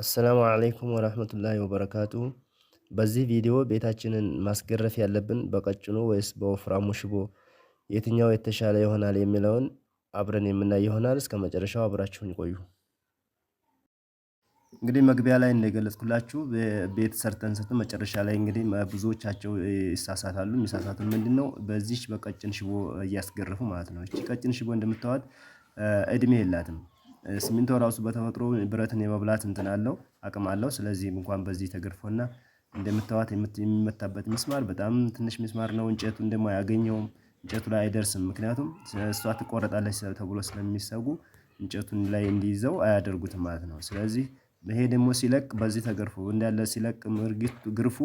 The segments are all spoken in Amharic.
አሰላሙ አለይኩም ወራህመቱላሂ ወበረካቱ። በዚህ ቪዲዮ ቤታችንን ማስገረፍ ያለብን በቀጭኑ ወይስ በወፍራሙ ሽቦ የትኛው የተሻለ ይሆናል የሚለውን አብረን የምናይ ይሆናል። እስከ መጨረሻው አብራችሁን ይቆዩ። እንግዲህ መግቢያ ላይ እንደገለጽኩላችሁ ቤት ሰርተን ስት መጨረሻ ላይ እንግዲህ ብዙዎቻቸው ይሳሳታሉ። የሚሳሳቱት ምንድን ነው? በዚች በቀጭን ሽቦ እያስገረፉ ማለት ነው። እቺ ቀጭን ሽቦ እንደምታዋት እድሜ የላትም። ሲሚንቶ ራሱ በተፈጥሮ ብረትን የመብላት እንትን አለው አቅም አለው። ስለዚህም እንኳን በዚህ ተገርፎና እንደምታዋት የሚመታበት ሚስማር በጣም ትንሽ ሚስማር ነው። እንጨቱን ደግሞ አያገኘውም፣ እንጨቱ ላይ አይደርስም። ምክንያቱም እሷ ትቆረጣለች ተብሎ ስለሚሰጉ እንጨቱን ላይ እንዲይዘው አያደርጉትም ማለት ነው። ስለዚህ ይሄ ደግሞ ሲለቅ በዚህ ተገርፎ እንዳለ ሲለቅ ምርጊቱ ግርፉ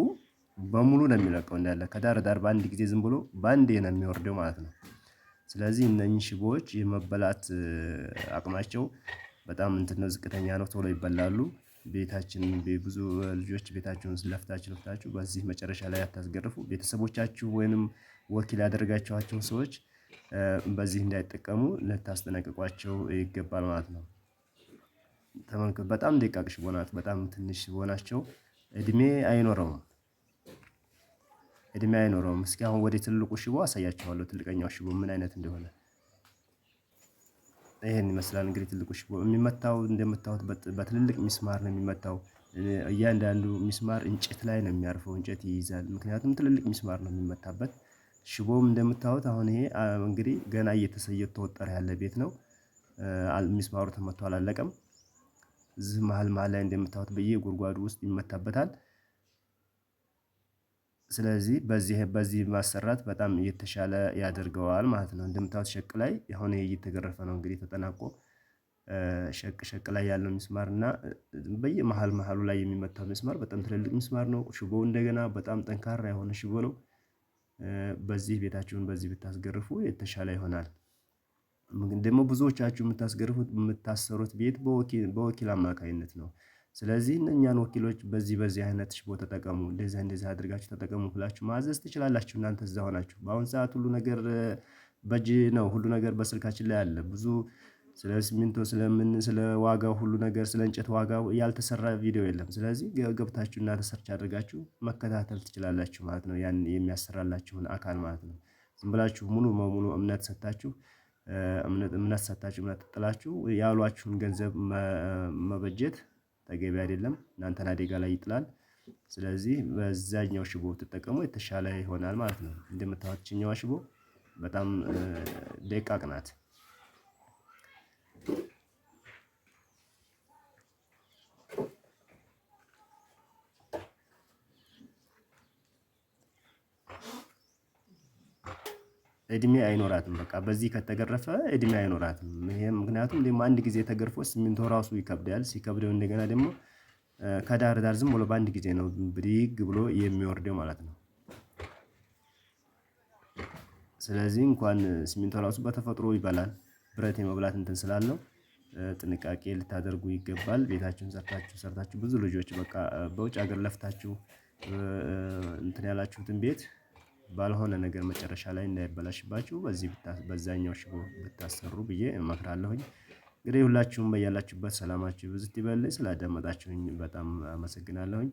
በሙሉ ነው የሚለቀው እንዳለ ከዳር ዳር በአንድ ጊዜ ዝም ብሎ በአንዴ ነው የሚወርደው ማለት ነው። ስለዚህ እነኚህ ሽቦዎች የመበላት አቅማቸው በጣም እንትን ነው ዝቅተኛ ነው ቶሎ ይበላሉ። ቤታችን ብዙ ልጆች ቤታችሁን ለፍታችሁ ለፍታችሁ በዚህ መጨረሻ ላይ አታስገርፉ ቤተሰቦቻችሁ ወይንም ወኪል ያደረጋችኋቸውን ሰዎች በዚህ እንዳይጠቀሙ ልታስጠነቅቋቸው ይገባል ማለት ነው። ተመልከቱ በጣም ደቃቅ ሽቦ ናት በጣም ትንሽ ሽቦ ናቸው እድሜ አይኖረውም እድሜ አይኖረውም። እስኪ አሁን ወደ ትልቁ ሽቦ አሳያችኋለሁ ትልቀኛው ሽቦ ምን አይነት እንደሆነ ይህን ይመስላል። እንግዲህ ትልቁ ሽቦ የሚመታው እንደምታዩት በትልልቅ ሚስማር ነው የሚመታው። እያንዳንዱ ሚስማር እንጨት ላይ ነው የሚያርፈው፣ እንጨት ይይዛል። ምክንያቱም ትልልቅ ሚስማር ነው የሚመታበት። ሽቦም እንደምታዩት አሁን ይሄ እንግዲህ ገና እየተወጠረ ያለ ቤት ነው። ሚስማሩ ተመቶ አላለቀም። እዚህ መሀል መሀል ላይ እንደምታዩት በየጉድጓዱ ውስጥ ይመታበታል። ስለዚህ በዚህ በዚህ ማሰራት በጣም የተሻለ ያደርገዋል ማለት ነው። እንደምታዩት ሸቅ ላይ አሁን ይሄ እየተገረፈ ነው እንግዲህ ተጠናቆ ሸቅ ሸቅ ላይ ያለው ሚስማር እና በየመሃል መሀሉ ላይ የሚመታው ሚስማር በጣም ትልልቅ ሚስማር ነው። ሽቦው እንደገና በጣም ጠንካራ የሆነ ሽቦ ነው። በዚህ ቤታችሁን በዚህ ብታስገርፉ የተሻለ ይሆናል። ደግሞ ብዙዎቻችሁ የምታስገርፉት የምታሰሩት ቤት በወኪል አማካኝነት ነው ስለዚህ እነኛን ወኪሎች በዚህ በዚህ አይነት ሽቦ ተጠቀሙ እንደዚህ እንደዚህ አድርጋችሁ ተጠቀሙ ብላችሁ ማዘዝ ትችላላችሁ። እናንተ እዛ ሆናችሁ በአሁን ሰዓት ሁሉ ነገር በእጅ ነው። ሁሉ ነገር በስልካችን ላይ አለ። ብዙ ስለ ሲሚንቶ ስለምን ስለ ዋጋው ሁሉ ነገር ስለ እንጨት ዋጋው ያልተሰራ ቪዲዮ የለም። ስለዚህ ገብታችሁ እናንተ ሰርች አድርጋችሁ መከታተል ትችላላችሁ ማለት ነው። ያን የሚያሰራላችሁን አካል ማለት ነው። ዝም ብላችሁ ሙሉ በሙሉ እምነት ሰታችሁ እምነት ሰታችሁ እምነት ጥላችሁ ያሏችሁን ገንዘብ መበጀት ተገቢ አይደለም፣ እናንተን አደጋ ላይ ይጥላል። ስለዚህ በዛኛው ሽቦ ብትጠቀሙ የተሻለ ይሆናል ማለት ነው። እንደምታዋችኛዋ ሽቦ በጣም ደቃቅ ናት። እድሜ አይኖራትም። በቃ በዚህ ከተገረፈ እድሜ አይኖራትም። ይሄ ምክንያቱም ደግሞ አንድ ጊዜ ተገርፎ ሲሚንቶ ራሱ ይከብዳል። ሲከብደው እንደገና ደግሞ ከዳር ዳር ዝም ብሎ በአንድ ጊዜ ነው ብድግ ብሎ የሚወርደው ማለት ነው። ስለዚህ እንኳን ሲሚንቶ ራሱ በተፈጥሮ ይበላል። ብረት የመብላት እንትን ስላለው ጥንቃቄ ልታደርጉ ይገባል። ቤታችሁን ሰርታችሁ ሰርታችሁ ብዙ ልጆች በቃ በውጭ ሀገር ለፍታችሁ እንትን ያላችሁትን ቤት ባልሆነ ነገር መጨረሻ ላይ እንዳይበላሽባችሁ በዚህ በዛኛው ሽቦ ብታሰሩ ብዬ እመክራለሁኝ። እንግዲህ ሁላችሁም በያላችሁበት ሰላማችሁ ብዝት ይበልኝ ስላደመጣችሁኝ በጣም አመሰግናለሁኝ።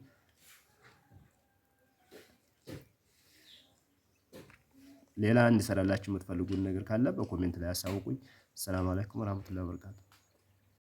ሌላ እንዲሰራላችሁ የምትፈልጉን ነገር ካለ በኮሜንት ላይ አሳውቁኝ። ሰላም አለይኩም ወራህመቱላሂ ወበረካቱ